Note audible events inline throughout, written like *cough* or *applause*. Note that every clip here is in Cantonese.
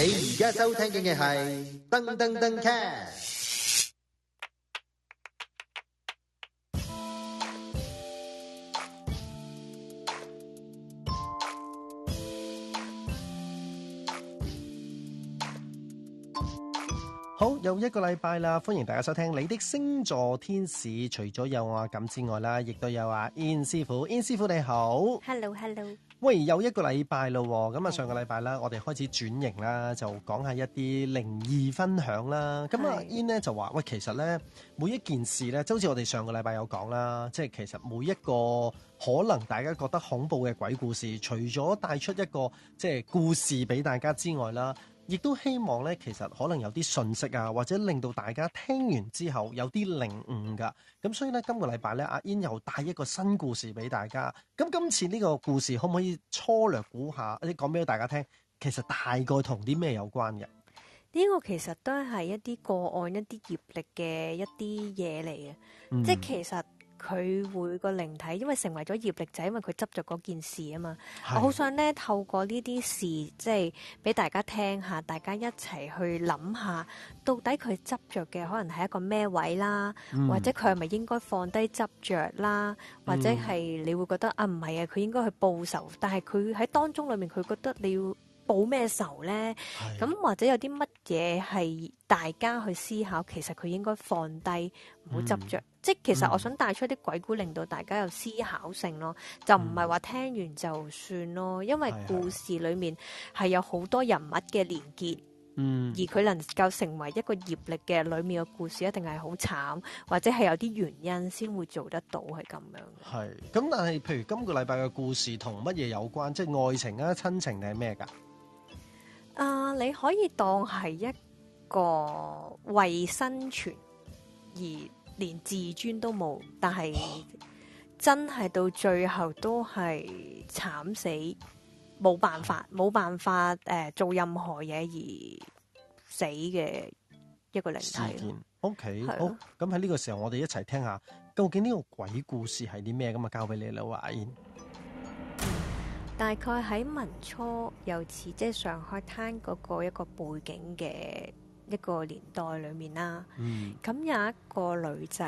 你而家收聽嘅係燈登登 cast。登登登。又一個禮拜啦，歡迎大家收聽你的星座天使。除咗有我阿感之外啦，亦都有阿 In 師傅。In 師傅你好，Hello Hello。喂，又一個禮拜咯，咁啊上個禮拜啦，我哋開始轉型啦，就講下一啲靈異分享啦。咁阿 In 咧就話，喂，其實咧每一件事咧，就好似我哋上個禮拜有講啦，即係其實每一個可能大家覺得恐怖嘅鬼故事，除咗帶出一個即係故事俾大家之外啦。亦都希望咧，其實可能有啲信息啊，或者令到大家聽完之後有啲領悟噶。咁所以咧，今個禮拜咧，阿 In 又帶一個新故事俾大家。咁今次呢個故事可唔可以粗略估下，或者講俾大家聽，其實大概同啲咩有關嘅？呢個其實都係一啲個案、一啲業力嘅一啲嘢嚟嘅，嗯、即係其實。佢會個靈體，因為成為咗業力仔，因為佢執着嗰件事啊嘛。是我好想咧透過呢啲事，即係俾大家聽下，大家一齊去諗下，到底佢執着嘅可能係一個咩位啦、嗯、是是啦，或者佢係咪應該放低執着啦，或者係你會覺得啊唔係啊，佢、啊、應該去報仇，但係佢喺當中裡面佢覺得你要。報咩仇呢？咁的或者有啲乜嘢係大家去思考，其實佢應該放低，唔好執着。嗯、即係其實我想帶出啲鬼故，令到大家有思考性咯。就唔係話聽完就算咯，因為故事裡面係有好多人物嘅連結，的而佢能夠成為一個業力嘅裏面嘅故事，一定係好慘，或者係有啲原因先會做得到係咁樣。係咁，但係譬如今個禮拜嘅故事同乜嘢有關？即係愛情啊、親情定係咩㗎？啊！Uh, 你可以當係一個為生存而連自尊都冇，但係真係到最後都係慘死，冇辦法，冇辦法誒、呃、做任何嘢而死嘅一個靈體。O、okay, K，、啊、好，咁喺呢個時候我哋一齊聽下，究竟呢個鬼故事係啲咩咁啊？就交俾你啦，阿、呃、In。大概喺民初，又似即係上海灘嗰個一個背景嘅一個年代裏面啦。咁、嗯、有一個女仔，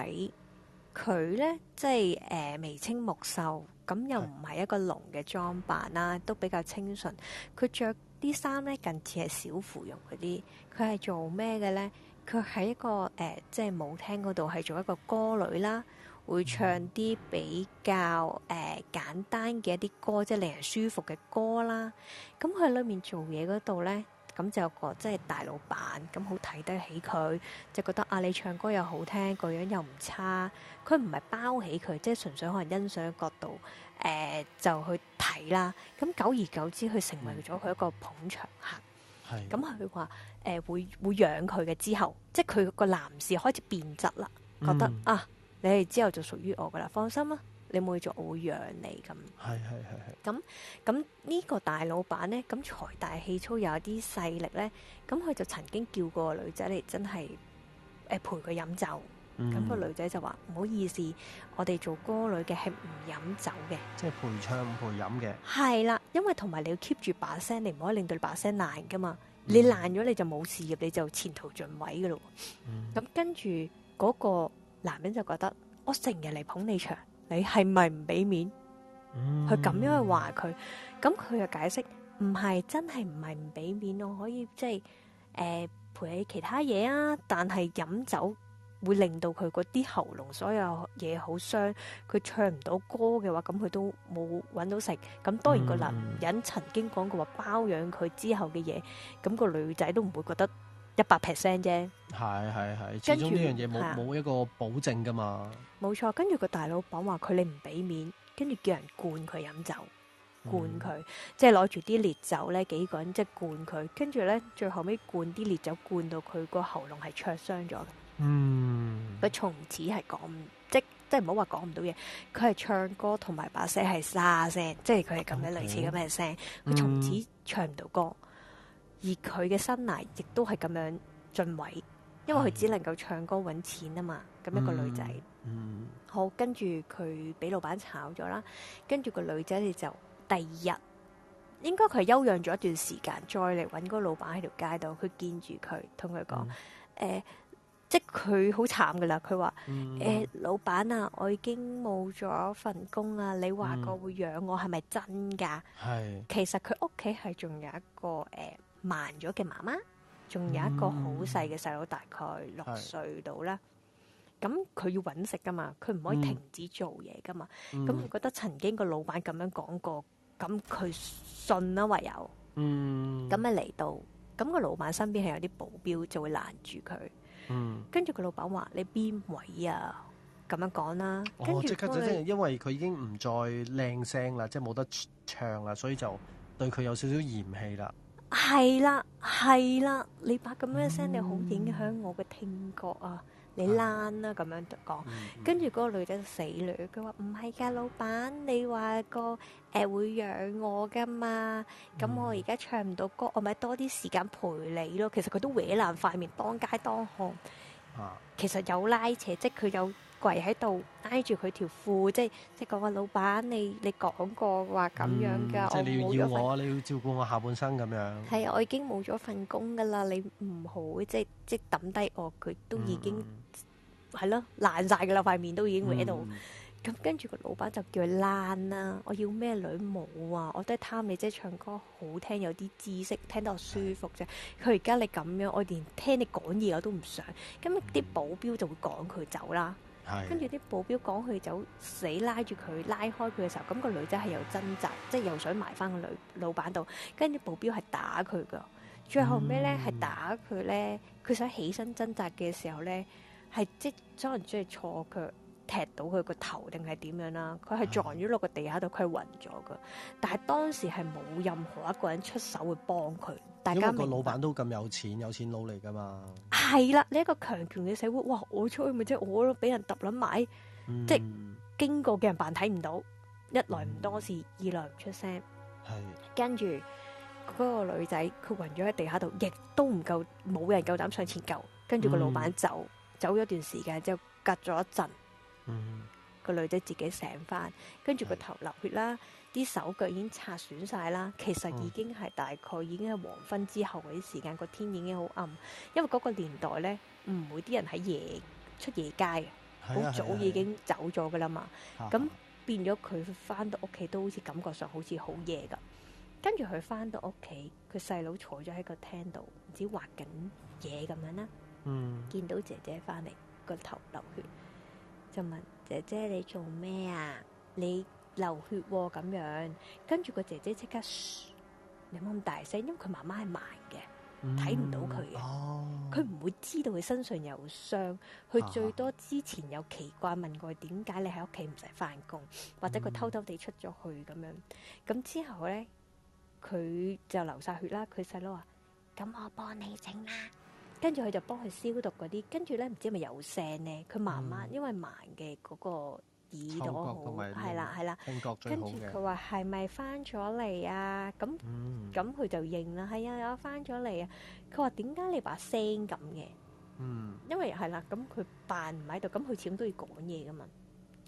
佢咧即係誒眉清目秀，咁又唔係一個濃嘅裝扮啦，都比較清純。佢着啲衫咧近似係小芙蓉嗰啲。佢係做咩嘅咧？佢喺一個誒、呃、即係舞廳嗰度係做一個歌女啦。會唱啲比較誒、呃、簡單嘅一啲歌，即係令人舒服嘅歌啦。咁佢裏面做嘢嗰度呢，咁就有個即係大老闆，咁好睇得起佢，就覺得啊，你唱歌又好聽，個樣又唔差。佢唔係包起佢，即係純粹可能欣賞嘅角度，誒、呃、就去睇啦。咁久而久之，佢成為咗佢一個捧場客。咁佢話誒會會養佢嘅之後，即係佢個男士開始變質啦，覺得、嗯、啊。你哋之後就屬於我噶啦，放心啦，你冇嘢做，我會養你咁。係係係係。咁咁呢個大老闆咧，咁財大氣粗，有啲勢力咧，咁佢就曾經叫過女、嗯、嗰嗰個女仔嚟，真係誒陪佢飲酒。咁個女仔就話：唔好意思，我哋做歌女嘅係唔飲酒嘅。即係陪唱唔陪飲嘅。係 *noise* 啦，因為同埋你要 keep 住把聲，你唔可以令到把聲爛噶嘛。你爛咗你就冇事業，你就前途盡毀噶咯。咁跟住嗰、嗰個。男人就覺得我成日嚟捧你場，你係咪唔俾面？佢咁樣去話佢，咁佢又解釋唔係真係唔係唔俾面，我可以即係誒陪你其他嘢啊。但係飲酒會令到佢嗰啲喉嚨所有嘢好傷，佢唱唔到歌嘅話，咁佢都冇揾到食。咁當然個男人曾經講過話包養佢之後嘅嘢，咁個女仔都唔會覺得。一百 percent 啫，係係係，始終呢樣嘢冇冇一個保證噶嘛冇錯，跟住個大老闆話佢你唔俾面，跟住叫人灌佢飲酒，灌佢，嗯、即係攞住啲烈酒咧，幾個人即係灌佢，跟住咧最後尾，灌啲烈酒，灌到佢個喉嚨係灼傷咗。嗯，佢從此係講唔，即即係唔好話講唔到嘢，佢係唱歌同埋把聲係沙聲，嗯、即係佢係咁樣 Okay. 類似咁嘅聲，佢從此唱唔到歌。而佢嘅生涯亦都係咁樣進位，因為佢只能夠唱歌揾錢啊嘛。咁一個女仔，好跟住佢俾老闆炒咗啦。跟住個女仔，佢就第二日應該佢休養咗一段時間，再嚟揾嗰個老闆喺條街度，佢見住佢，同佢講：誒，即係佢好慘噶啦。佢話：誒，老闆啊，我已經冇咗份工啦。你話個會養我係咪真㗎？其實佢屋企係仲有一個誒。慢咗嘅媽媽，仲有一個好細嘅細佬，大概六歲到啦。咁佢要揾食噶嘛，佢唔可以停止做嘢噶嘛。咁佢覺得曾經個老闆咁樣講過，咁佢信啊唯有。咁咪嚟到，咁個老闆身邊係有啲保鏢就會攔住佢。跟住佢老闆話：你邊位啊？咁樣講啦。哦，即刻就即係因為佢已經唔再靚聲啦，即係冇得唱啦，所以就對佢有少少嫌棄啦。係啦，係啦，你把咁樣聲你好影響我嘅聽覺啊！嗯、你攣啦咁樣講。嗯嗯、跟住嗰個女仔就死女，佢話唔係㗎，老闆，你話個誒會養我㗎嘛？咁我而家唱唔到歌，我咪多啲時間陪你咯。其實佢都搲爛塊面，當街當巷，其實有拉扯，即係佢有。跪喺度挨住佢條褲，即係即係講話，老闆，你你講過話咁樣㗎，即係、嗯、你要要我，你要照顧我下半生咁樣。係我已經冇咗份工㗎啦，你唔好即係即係抌低我。佢都已經係咯、嗯、爛晒㗎啦，塊面都已經喺度。咁、嗯。跟住個老闆就叫佢躝啦。我要咩女冇啊？我都係貪你即係唱歌好聽，有啲知識，聽到舒服啫。佢而家你咁樣，我連聽你講嘢我都唔想。咁啲保鏢就會趕佢走啦。嗯跟住啲保鏢講佢走死拉住佢拉開佢嘅時候，咁、那個女仔係又掙扎，即係又想埋翻個女老闆度。跟住保鏢係打佢噶，最後尾咧係打佢咧，佢想起身掙扎嘅時候咧係即係可能即係錯腳。踢到佢個頭定係點樣啦、啊？佢係撞咗落個地下度，佢係的暈咗噶。但係當時係冇任何一個人出手去幫佢。大家個老闆都咁有錢，有錢佬嚟噶嘛？係啦，你一個強權嘅社會，哇！我出去咪即係我咯，俾人揼撚埋，即、就、係、是嗯、經過嘅人扮睇唔到。一來唔多事，嗯、二來唔出聲。係的跟住嗰、那個女仔，佢暈咗喺地下度，亦都唔夠冇人夠膽上前救。跟住個老闆走走咗段時間，段時間之後，隔咗一陣。嗯、個女仔自己醒翻，跟住個頭流血啦，啲手腳已經擦損晒啦。其實已經係大概已經係黃昏之後嗰啲時間，個天已經好暗。因為嗰個年代呢，唔會啲人喺夜出夜街，好、啊、早已經走咗噶啦嘛。咁、啊啊啊、變咗佢翻到屋企都好似感覺上好似好夜咁。跟住佢翻到屋企，佢細佬坐咗喺個廳度，唔知畫緊嘢咁樣啦。嗯，見到姐姐翻嚟，個頭流血。就問姐姐，你做咩啊？你流血喎、哦、咁樣，跟住個姐姐即刻噓，有冇咁大聲，因為佢媽媽係盲嘅，睇唔、嗯、到佢嘅，佢唔、啊、會知道佢身上有傷。佢最多之前有奇怪問過，點解你喺屋企唔使翻工，或者佢偷偷地出咗去咁樣。咁、嗯、之後咧，佢就流晒血啦。佢細佬話，咁、啊、我幫你整啦。跟住佢就幫佢消毒嗰啲，跟住咧唔知係咪有聲咧？佢慢慢，因為盲嘅嗰個耳朵好，係啦，係啦。聽覺最好嘅。佢話係咪翻咗嚟啊？咁，咁佢就認啦，係啊，我翻咗嚟啊。佢話點解你把聲咁嘅？嗯，因為係啦，咁佢扮唔喺度，咁佢始終都要講嘢噶嘛。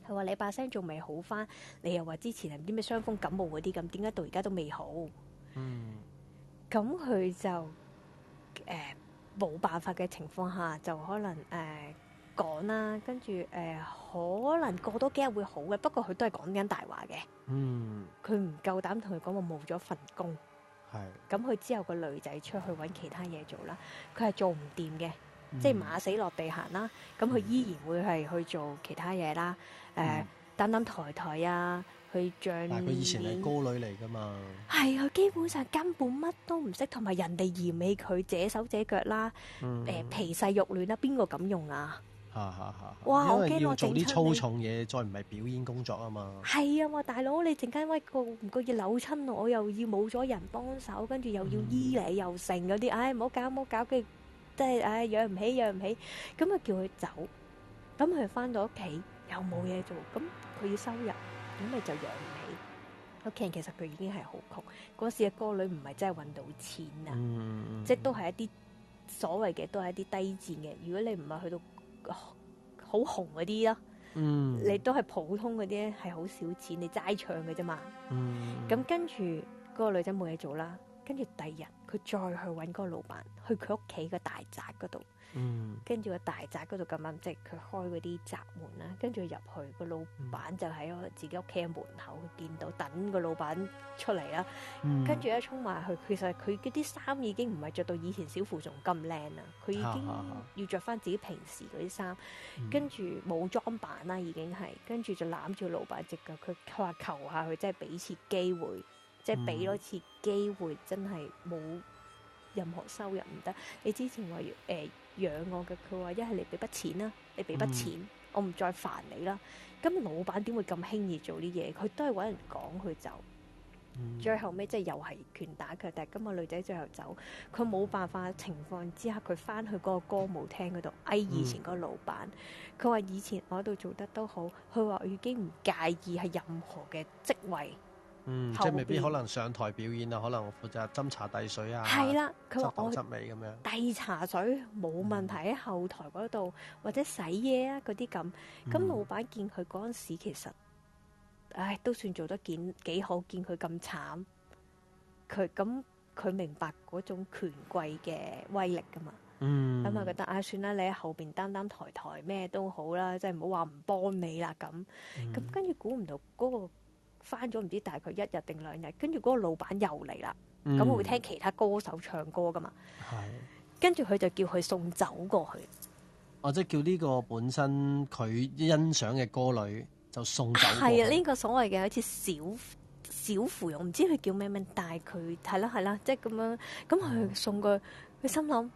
佢話你把聲仲未好翻？你又話之前係唔知咩傷風感冒嗰啲咁，點解到而家都未好？嗯，咁佢就誒。冇辦法嘅情況下，就可能誒、呃、講啦，跟住誒可能過多幾日會好嘅。不過佢都係講緊大話嘅，嗯，佢唔夠膽同佢講我冇咗份工，係。咁佢之後個女仔出去揾其他嘢做啦，佢係做唔掂嘅，嗯、即係馬死落地行啦。咁佢依然會係去做其他嘢啦，誒擔擔抬抬啊。佢像嗱，佢以前係歌女嚟㗎嘛，係啊，基本上根本乜都唔識，同埋人哋嫌棄佢姐手姐腳啦，誒皮細肉嫩啦，邊個敢用啊？嚇嚇嚇！因為要做啲粗重嘢，再唔係表演工作啊嘛。係啊，哇！大佬，你陣間喂，唔覺意扭親，我又要冇咗人幫手，跟住又要醫嚟又剩嗰啲，唉，唔好搞唔好搞，跟住即係唉養唔起養唔起，咁啊叫佢走，咁佢返到屋企又冇嘢做，咁佢要收入。咁咪就養唔起屋企人。其實佢已經係好窮嗰時嘅歌女，唔係真係揾到錢啊，嗯、即係都係一啲所謂嘅，都係一啲低賤嘅。如果你唔係去到好、啊、紅嗰啲咯，嗯、你都係普通嗰啲係好少錢。你齋唱嘅啫嘛。咁、嗯、跟住嗰個女仔冇嘢做啦，跟住第二日佢再去揾嗰個老闆，去佢屋企個大宅嗰度。嗯、跟住個大宅嗰度咁啱，即係佢開嗰啲閘門啦，跟住入去個老闆就喺我自己屋企嘅門口，見到等個老闆出嚟啦。嗯、跟住一衝埋去，其實佢啲衫已經唔係着到以前小婦仲咁靚啦，佢已經要着翻自己平時嗰啲衫，跟住冇裝扮啦，已經係跟住就攬住老闆隻腳，佢話求下佢，即係俾次機會，嗯、即係俾多次機會，真係冇任何收入唔得。你之前話要誒，呃養我嘅，佢話一係你俾筆錢啦，你俾筆錢，嗯、我唔再煩你啦。咁老闆點會咁輕易做啲嘢？佢都係搵人講佢走。嗯、最後尾，即係又係拳打腳踢，咁個女仔最後走，佢冇辦法情況之下，佢翻去嗰個歌舞廳嗰度，嗌以前個老闆，佢話、嗯、以前我喺度做得都好，佢話我已經唔介意係任何嘅職位。嗯，即係未必可能上台表演啊，可能負責斟茶遞水啊，係啦，佢執頭執尾咁樣。遞茶水冇問題，喺後台嗰度，或者洗嘢啊嗰啲咁。咁老闆見佢嗰陣時，其實，唉，都算做得幾幾好。見佢咁慘，佢咁佢明白嗰種權貴嘅威力噶嘛。嗯。咁啊，覺得唉，算啦，你喺後邊擔擔抬抬咩都好啦，即係唔好話唔幫你啦咁。咁跟住估唔到嗰個。翻咗唔知大概一日定兩日，跟住嗰個老闆又嚟啦，咁、嗯、會聽其他歌手唱歌噶嘛？係的。跟住佢就叫佢送走過去。哦、啊，即、就、係、是、叫呢個本身佢欣賞嘅歌女就送走。係啊，呢、這個所謂嘅好似小小芙蓉，唔知佢叫咩名，但係佢係啦係啦，即係咁樣。咁佢送佢，佢、嗯、心諗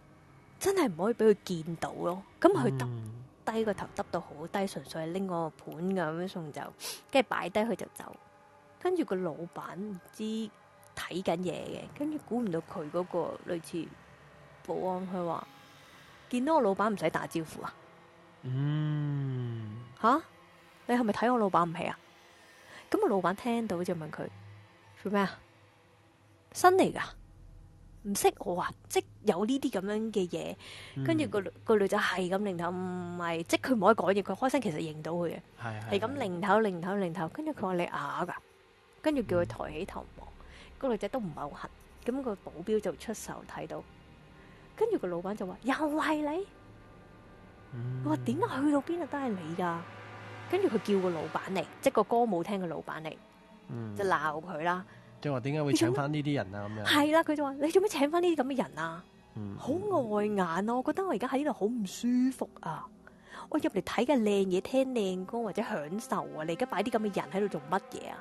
真係唔可以俾佢見到咯。咁佢耷低個頭，耷到好低，純粹係拎個盤咁樣送走，跟住擺低佢就走。跟住個老闆唔知睇緊嘢嘅，跟住估唔到佢嗰個類似保安，佢話見到我老闆唔使打招呼啊。嗯，吓，你係咪睇我老闆唔起啊？咁個老闆聽到就問佢做咩啊？新嚟噶，唔識我啊？即有呢啲咁樣嘅嘢，跟住個個女仔係咁擰頭，唔係即佢唔可以講嘢，佢開聲其實認到佢嘅，係係咁擰頭擰頭擰頭，跟住佢話你啞、啊、噶。跟住叫佢抬起頭望，個女仔都唔係好痕，咁個保鏢就出手睇到，跟住個老闆就話又係你，佢話點解去到邊度都係你噶？跟住佢叫個老闆嚟，即個歌舞廳嘅老闆嚟，就鬧佢啦。即係話點解會請翻呢啲人啊？咁樣係啦，佢就話你做咩請翻呢啲咁嘅人啊？好礙眼啊！我覺得我而家喺呢度好唔舒服啊！我入嚟睇嘅靚嘢，聽靚歌或者享受啊，你而家擺啲咁嘅人喺度做乜嘢啊？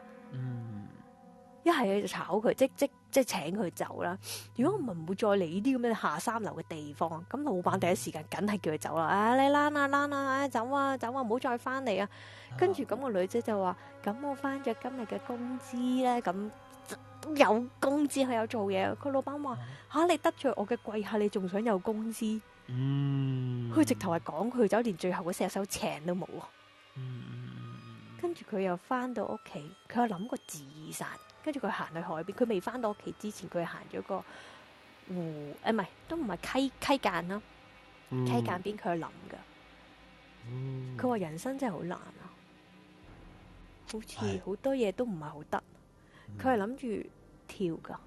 一係就炒佢，即即即請佢走啦。如果我唔會再嚟呢啲咁嘅下三流嘅地方，咁老闆第一時間梗係叫佢走啦。你 𨅬 啊 𨅬 啊，走啊走，走，走啊，唔好再翻嚟啊！跟住咁個女仔就話：咁我翻咗今日嘅工資咧，咁有工資係有做嘢。佢老闆話：吓，你得罪我嘅貴客，你仲想有工資？佢、嗯、直頭係講佢走，連最後嘅射手請都冇。嗯，嗯跟住佢又翻到屋企，佢又諗過自殺。跟住佢行去海邊，佢未翻到屋企之前，佢行咗個湖誒，唔、哎、係都唔係溪溪澗啦，溪澗邊佢諗噶，佢話、嗯嗯、人生真係好難啊，好似好多嘢都唔係好得，佢係諗住跳噶，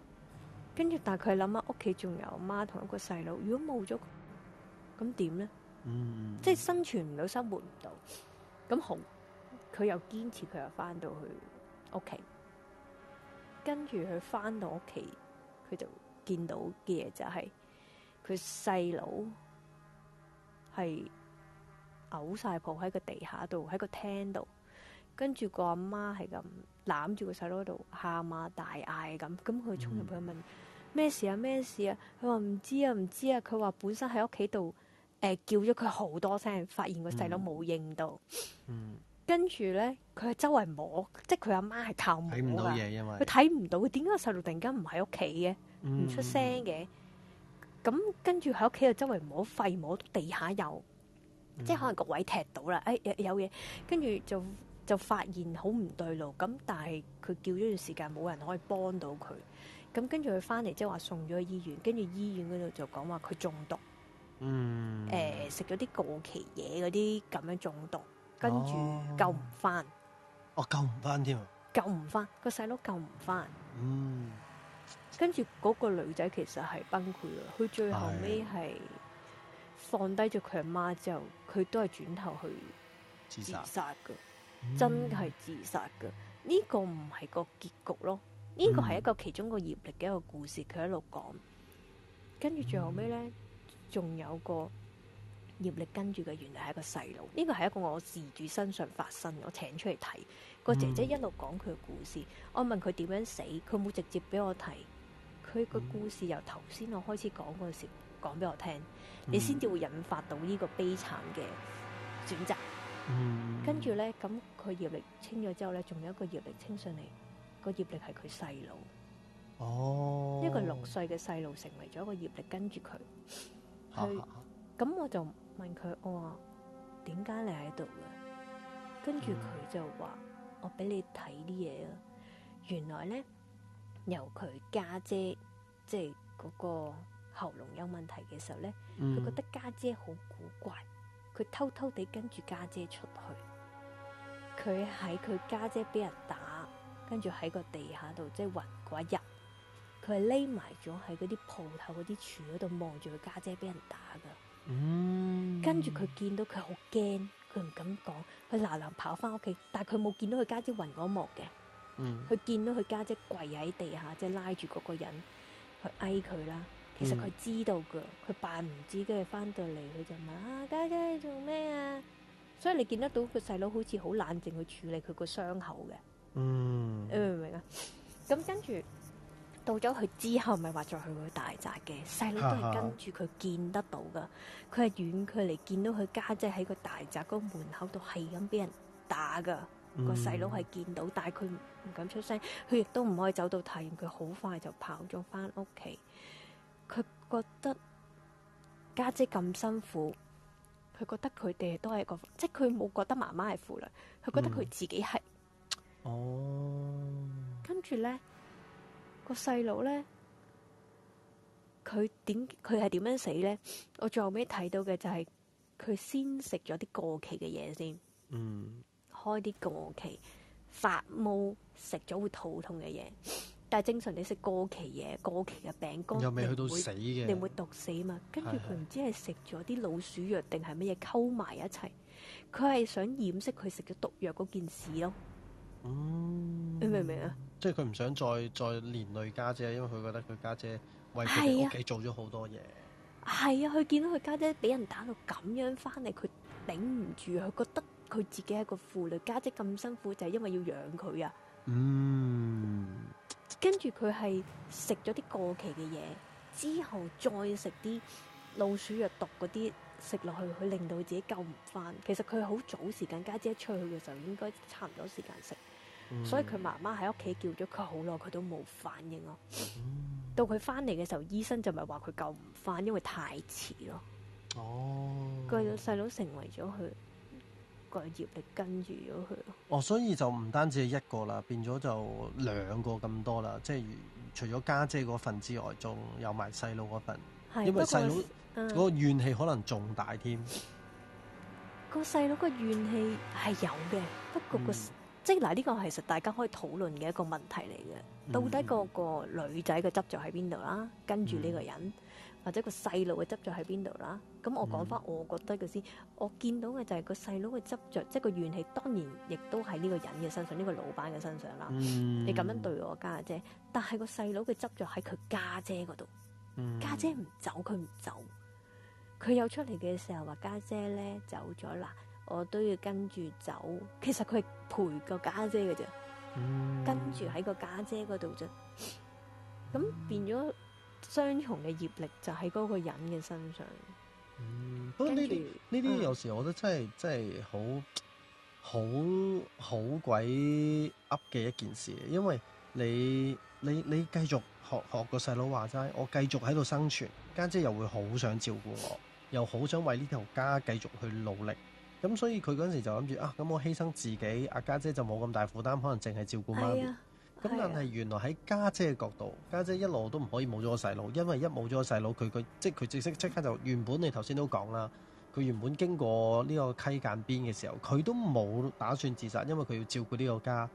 跟住但係佢係諗下屋企仲有媽同一個細佬，如果冇咗，佢咁點咧？即係、嗯、生存唔到，生活唔到，咁紅佢又堅持，佢又翻到去屋企。跟住佢翻到屋企，佢就見到嘅嘢就係佢細佬係嘔晒泡喺個地下度，喺個廳度。跟住個阿媽係咁攬住個細佬喺度喊啊，大嗌咁。咁佢衝入去問咩事啊咩事啊？佢話唔知啊唔知啊。佢話、啊、本身喺屋企度誒，叫咗佢好多聲，發現個細佬冇應到嗯。嗯。跟住咧，佢係周圍摸，即係佢阿媽係靠摸嘅。睇唔到嘢，因為佢睇唔到。佢點解個細路突然間唔喺屋企嘅，唔出聲嘅？咁跟住喺屋企度周圍摸，廢摸到地下有，即係可能個位踢到啦。誒，有嘢，跟住就就發現好唔對路。咁但係佢叫咗段時間，冇人可以幫到佢。咁跟住佢翻嚟，即係話送咗去醫院。跟住醫院嗰度就講話佢中毒。嗯。誒，食咗啲過期嘢嗰啲咁樣中毒。跟住救唔翻，哦救唔翻添，救唔翻，個細佬救唔翻，嗯。跟住嗰個女仔其實係崩潰啦，佢最後尾係放低咗佢阿媽之後，佢都係轉頭去自殺噶，真係自殺噶。呢、嗯、個唔係個結局咯，呢、這個係一個其中個業力嘅一個故事，佢喺度講。跟住最後尾咧，仲有個。業力跟住嘅，原嚟係一個細路，呢個係一個我事主身上發生，我請出嚟睇，嗯、個姐姐一路講佢嘅故事。我問佢點樣死，佢冇直接俾我睇，佢個故事由頭先我開始講嗰時講俾我聽，你先至會引發到呢個悲慘嘅選擇。嗯、跟住呢，咁佢業力清咗之後呢，仲有一個業力清上嚟，個業力係佢細路。哦，一個六歲嘅細路成為咗一個業力跟住佢。吓，咁哈我就。問佢我話，點解你喺度嘅？跟住佢就話、嗯、我俾你睇啲嘢啊！原來咧由佢家姐，姐即係嗰個喉嚨有問題嘅時候咧，佢、嗯、覺得家姐好古怪，佢偷偷地跟住家姐，姐出去，佢喺佢家姐俾人打，跟住喺個地下度即係暈嗰一日，佢係匿埋咗喺嗰啲鋪頭嗰啲柱嗰度望住佢家姐俾人打噶。嗯，跟住佢見到佢好驚，佢唔敢講，佢嗱嗱跑翻屋企，但係佢冇見到佢家姐暈嗰幕嘅，嗯，佢見到佢家姐跪喺地下，即係拉住嗰個人去哀佢啦。其實佢知道噶，佢扮唔知，跟住翻到嚟佢就問啊家姐做咩啊？所以你見得到佢細佬好似好冷靜去處理佢個傷口嘅，嗯，你、哎、明唔明啊？咁 *laughs* 跟住。到咗佢之後，咪話再去個大宅嘅細佬都係跟住佢見得到噶，佢係遠距離見到佢家姐喺個大宅嗰個門口度係咁俾人打噶，嗯、個細佬係見到，但係佢唔敢出聲，佢亦都唔可以走到太遠，佢好快就跑咗翻屋企。佢覺得家姐咁辛苦，佢覺得佢哋都係一個，即係佢冇覺得媽媽係負累，佢覺得佢自己係、嗯。哦，跟住咧。個細路咧，佢點，佢係點樣死咧？我最後尾睇到嘅就係、是，佢先食咗啲過期嘅嘢先，開啲過期發毛，食咗會肚痛嘅嘢。但係正常你食過期嘢，過期嘅餅乾，又未去到死嘅，你會毒死嘛？跟住佢唔知係食咗啲老鼠藥定係乜嘢溝埋一齊，佢係想掩飾佢食咗毒藥嗰件事咯。嗯、你明唔明啊？即係佢唔想再再連累家姐，因為佢覺得佢家姐為佢哋屋企做咗好多嘢。係啊，佢見到佢家姐俾人打到咁樣翻嚟，佢頂唔住，佢覺得佢自己係個負累。家姐咁辛苦，就係因為要養佢啊。嗯。跟住佢係食咗啲過期嘅嘢，之後再食啲老鼠藥毒嗰啲食落去，佢令到佢自己救唔翻。其實佢好早時間家姐出去嘅時候，應該差唔多時間食。所以佢媽媽喺屋企叫咗佢好耐，佢都冇反應咯。到佢翻嚟嘅時候，醫生就咪話佢救唔翻，因為太遲咯。哦，個細佬成為咗佢個業力，弟弟跟住咗佢。哦，所以就唔單止係一個啦，變咗就兩個咁多啦。即係除咗家姐嗰份之外，仲有埋細佬嗰份，是因為細佬嗰個怨氣可能仲大添。啊，嗰個細佬個怨氣係有嘅，不過個、嗯。即嗱，呢個其實大家可以討論嘅一個問題嚟嘅，嗯、到底嗰個女仔嘅執着喺邊度啦？跟住呢個人，嗯、或者個細路嘅執着喺邊度啦？咁我講翻我覺得嘅先，我見到嘅就係個細佬嘅執着，即、就、係、是、個怨氣當然亦都喺呢個人嘅身上，呢、嗯、個老闆嘅身上啦。嗯、你咁樣對我家姐，但係個細佬嘅執着喺佢、嗯、家姐嗰度，家姐唔走，佢唔走，佢有出嚟嘅時候話家姐咧走咗啦。我都要跟住走。其實佢係陪個家姐嘅啫，嗯、跟住喺個家姐嗰度啫。咁、嗯、變咗雙重嘅業力就喺嗰個人嘅身上。嗯，不過呢啲呢啲有時我覺得真係真係、嗯、好好好鬼噏嘅一件事。因為你你你繼續學學個細佬話齋，我繼續喺度生存，家姐又會好想照顧我，又好想為呢條家繼續去努力。咁所以佢嗰陣時就諗住啊，咁我犧牲自己，阿家姐就冇咁大負擔，可能淨係照顧媽咪。咁、啊啊、但係原來喺家姐嘅角度，家姐一路都唔可以冇咗個細佬，因為一冇咗個細佬，佢佢即係佢即刻即刻就原本你頭先都講啦，佢原本經過呢個溪澗邊嘅時候，佢都冇打算自殺，因為佢要照顧呢個家。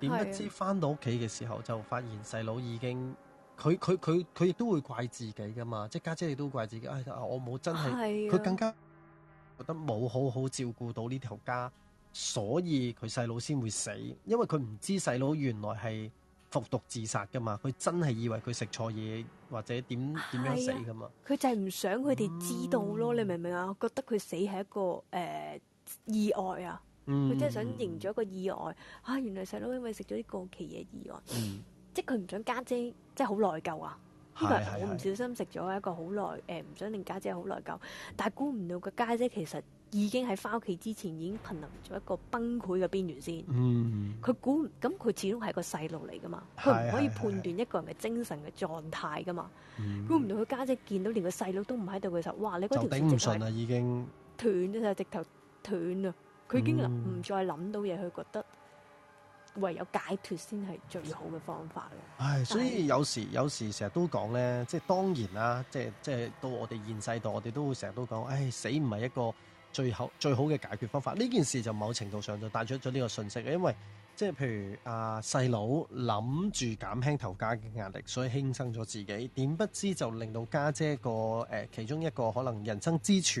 點不知翻到屋企嘅時候就發現細佬已經，佢佢佢佢亦都會怪自己㗎嘛，即係家姐你都怪自己，哎、我啊我冇真係，佢更加。覺得冇好好照顧到呢頭家，所以佢細佬先會死。因為佢唔知細佬原來係服毒自殺㗎嘛，佢真係以為佢食錯嘢或者點點樣、啊、樣死㗎嘛。佢就係唔想佢哋知道咯，嗯、你明唔明啊？覺得佢死係一個誒、呃、意外啊！佢真係想認咗一個意外。嚇、嗯啊，原來細佬因為食咗啲過期嘢意外，嗯、即係佢唔想家姐即係好內疚啊！呢因為我唔小心食咗一個好耐，誒、呃、唔想令家姐好內疚，但係估唔到個家姐，姐其實已經喺返屋企之前已經瀕臨咗一個崩潰嘅邊緣先。佢估唔，咁佢始終係個細路嚟㗎嘛，佢唔可以判斷一個人嘅精神嘅狀態㗎嘛。估唔、嗯、到佢家姐，姐見到連個細路都唔喺度嘅時候，哇！你嗰條線就頂唔順啦，已經斷咗曬，直頭斷啦。佢已經唔再諗到嘢，佢覺得。唯有解決先係最好嘅方法咯。唉，所以有時有時成日都講咧，即係當然啦，即係即係到我哋現世代，我哋都會成日都講，唉，死唔係一個最好最好嘅解決方法。呢件事就某程度上就帶出咗呢個信息，因為即係譬如阿細佬諗住減輕頭家嘅壓力，所以輕生咗自己，點不知就令到家姐個誒、呃、其中一個可能人生支柱，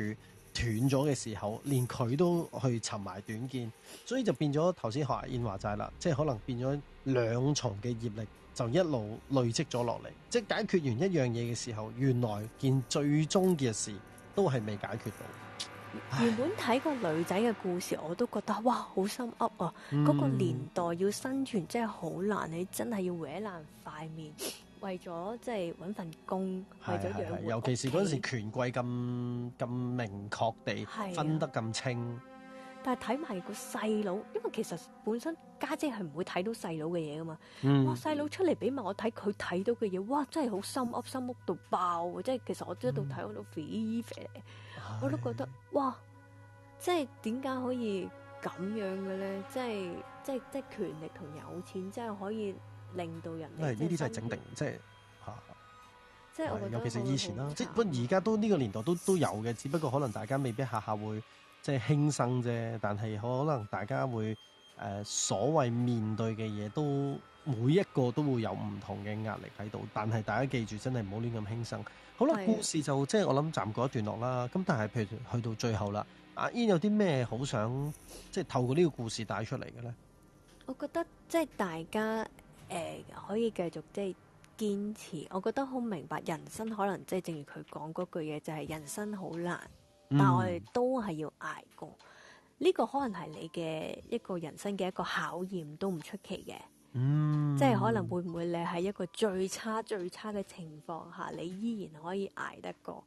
斷咗嘅時候，連佢都去尋埋短見，所以就變咗頭先阿 In 話齋啦，即係可能變咗兩重嘅業力就一路累積咗落嚟，即解決完一樣嘢嘅時候，原來件最終嘅事都係未解決到。原本睇個女仔嘅故事，我都覺得哇，好心噏啊！嗰、嗯、個年代要生存真係好難，你真係要搲爛塊面。為咗即係揾份工，的為咗養活尤其是嗰陣時權貴咁咁， *noise* 明確地的分得咁清。但係睇埋個細佬，因為其實本身家姐係唔會睇到細佬嘅嘢㗎嘛。嗯、哇！細佬出嚟俾埋我睇佢睇到嘅嘢，哇！真係好心噏，心噏到爆，即係其實我一度睇我都肥肥，嗯、我都覺得哇！即係點解可以咁樣嘅咧？即係即係即係權力同有錢真係可以。令到人，咁係呢啲真係整定，就是啊、即係嚇。即係尤其是以前啦、啊，即不而家都呢、這個年代都都有嘅，只不過可能大家未必下下會即係輕生啫。但係可能大家會誒、呃、所謂面對嘅嘢，都每一個都會有唔同嘅壓力喺度。但係大家記住，真係唔好亂咁輕生。好啦，的故事就即係我諗暫告一段落啦。咁但係譬如去到最後啦，阿、啊、In 有啲咩好想即係透過呢個故事帶出嚟嘅咧？我覺得即係、就是、大家。誒、呃、可以繼續即係堅持，我覺得好明白人生可能即係正如佢講嗰句嘢，就係、是、人生好難，嗯、但我哋都係要捱過。呢、這個可能係你嘅一個人生嘅一個考驗，都唔出奇嘅。嗯、即係可能會唔會你喺一個最差最差嘅情況下，你依然可以捱得過？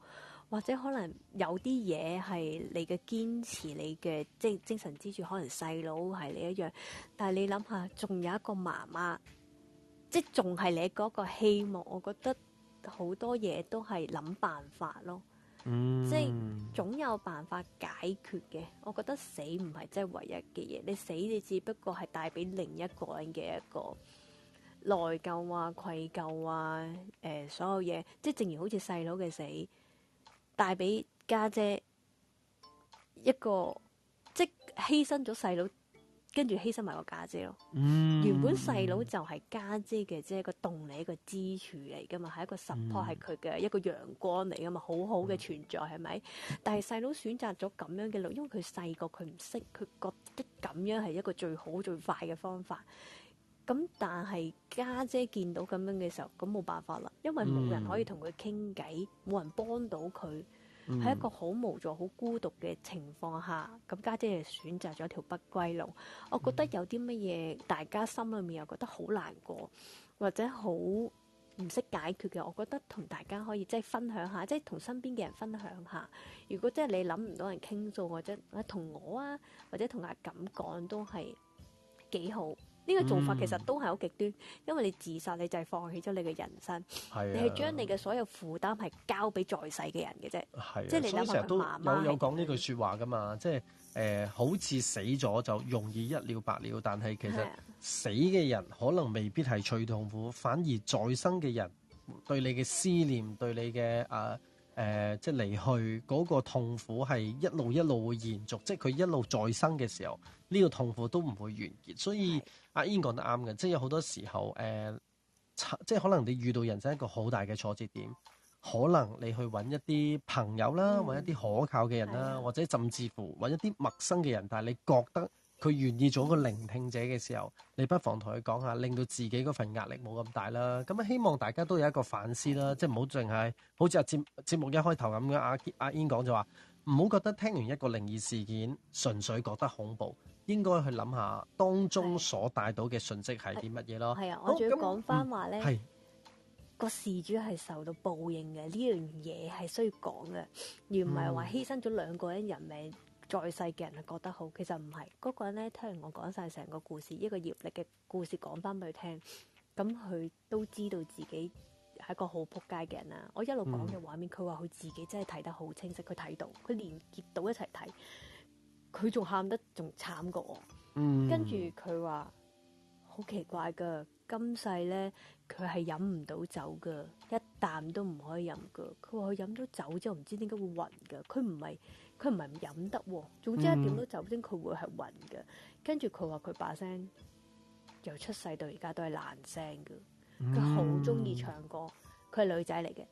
或者可能有啲嘢係你嘅堅持，你嘅即係精神支柱，可能細佬係你一樣。但係你諗下，仲有一個媽媽。即仲係你嗰個希望，我覺得好多嘢都係諗辦法咯。嗯、即係總有辦法解決嘅。我覺得死唔係即係唯一嘅嘢，你死你只不過係帶俾另一個人嘅一個內疚啊、愧疚啊、誒、呃、所有嘢。即係正如好似細佬嘅死，帶俾家姐一個即犧牲咗細佬。跟住犧牲埋個家姐，姐咯，嗯、原本細佬就係家姐嘅即係一個動力、一個支柱嚟噶嘛，係一個 support 係佢嘅、嗯、一個陽光嚟噶嘛，好好嘅存在係咪、嗯？但係細佬選擇咗咁樣嘅路，因為佢細個佢唔識，佢覺得咁樣係一個最好最快嘅方法。咁但係家姐，姐見到咁樣嘅時候，咁冇辦法啦，因為冇人可以同佢傾偈，冇、嗯、人幫到佢。喺一個好無助、好孤獨嘅情況下，咁家姐,姐選擇咗條不歸路。我覺得有啲乜嘢，大家心裏面又覺得好難過，或者好唔識解決嘅，我覺得同大家可以即係分享下，即係同身邊嘅人分享下。如果即係你諗唔到人傾訴，或者啊同我啊，或者同阿感講都係幾好。呢個做法其實都係好極端，因為你自殺你就係放棄咗你嘅人生，啊、你係將你嘅所有負擔係交俾在世嘅人嘅啫。係啊，即係你有時候都有有講呢句説話㗎嘛，即係誒、呃、好似死咗就容易一了百了，但係其實死嘅人可能未必係最痛苦，反而在生嘅人對你嘅思念，對你嘅啊。呃誒、呃，即係離去嗰、那個痛苦係一路一路會延續，即係佢一路再生嘅時候，呢、這個痛苦都唔會完結。所以阿 In 講得啱嘅，即係有好多時候誒、呃，即係可能你遇到人生一個好大嘅挫折點，可能你去揾一啲朋友啦，揾、嗯、一啲可靠嘅人啦，的或者甚至乎揾一啲陌生嘅人，但係你覺得。佢願意做一個聆聽者嘅時候，你不妨同佢講下，令到自己嗰份壓力冇咁大啦。咁啊，希望大家都有一個反思啦，即係唔好淨係好似節節目一開頭咁樣，阿阿 In 講就話唔好覺得聽完一個靈異事件純粹覺得恐怖，應該去諗下當中所帶到嘅訊息係啲乜嘢咯。係啊，我仲要講翻話咧，個事主係受到報應嘅，呢樣嘢係需要講嘅，而唔係話犧牲咗兩個人人命。在世嘅人係覺得好，其實唔係嗰個人咧。聽完我講晒成個故事，一個業力嘅故事講翻俾佢聽，咁佢都知道自己係一個好撲街嘅人啦。我一路講嘅畫面，佢話佢自己真係睇得好清晰，佢睇到，佢連結到一齊睇，佢仲喊得仲慘過我。嗯，跟住佢話好奇怪噶，今世咧佢係飲唔到酒噶，一啖都唔可以飲噶。佢話佢飲咗酒之後，唔知點解會暈噶，佢唔係。佢唔係唔飲得，總之一掂到酒精，佢會係暈嘅。跟住佢話佢把聲由出世到而家都係爛聲嘅，佢好中意唱歌。佢係女仔嚟嘅，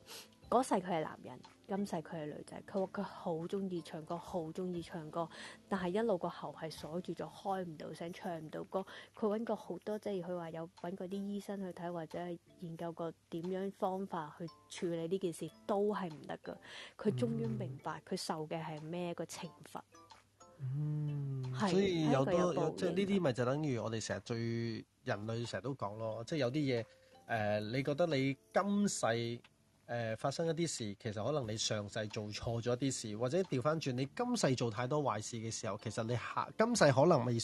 嗰世佢係男人。今世佢係女仔，佢話佢好中意唱歌，好中意唱歌，但係一路個喉係鎖住咗，開唔到聲，唱唔到歌。佢揾過好多，即係佢話有揾過啲醫生去睇，或者研究過點樣方法去處理呢件事，都係唔得㗎。佢終於明白佢受嘅係咩個懲罰。嗯，是所以有多，即係呢啲，咪就等於我哋成日最人類成日都講咯，即係有啲嘢誒，你覺得你今世。誒、呃、發生一啲事，其實可能你上世做錯咗啲事，或者調翻轉你今世做太多壞事嘅時候，其實你下今世可能未，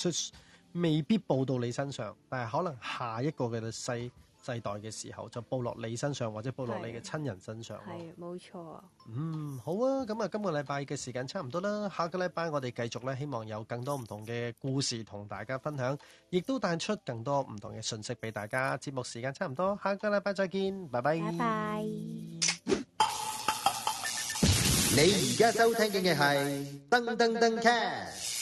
未必報到你身上，但係可能下一個嘅世世代嘅時候就報落你身上，或者報落你嘅親人身上咯。係嘅、嗯、冇錯。嗯，好啊，咁啊，今個禮拜嘅時間差唔多啦，下個禮拜我哋繼續咧，希望有更多唔同嘅故事同大家分享，亦都帶出更多唔同嘅信息俾大家。節目時間差唔多，下個禮拜再見，拜拜。拜拜。你而家收聽嘅係燈登登 cast。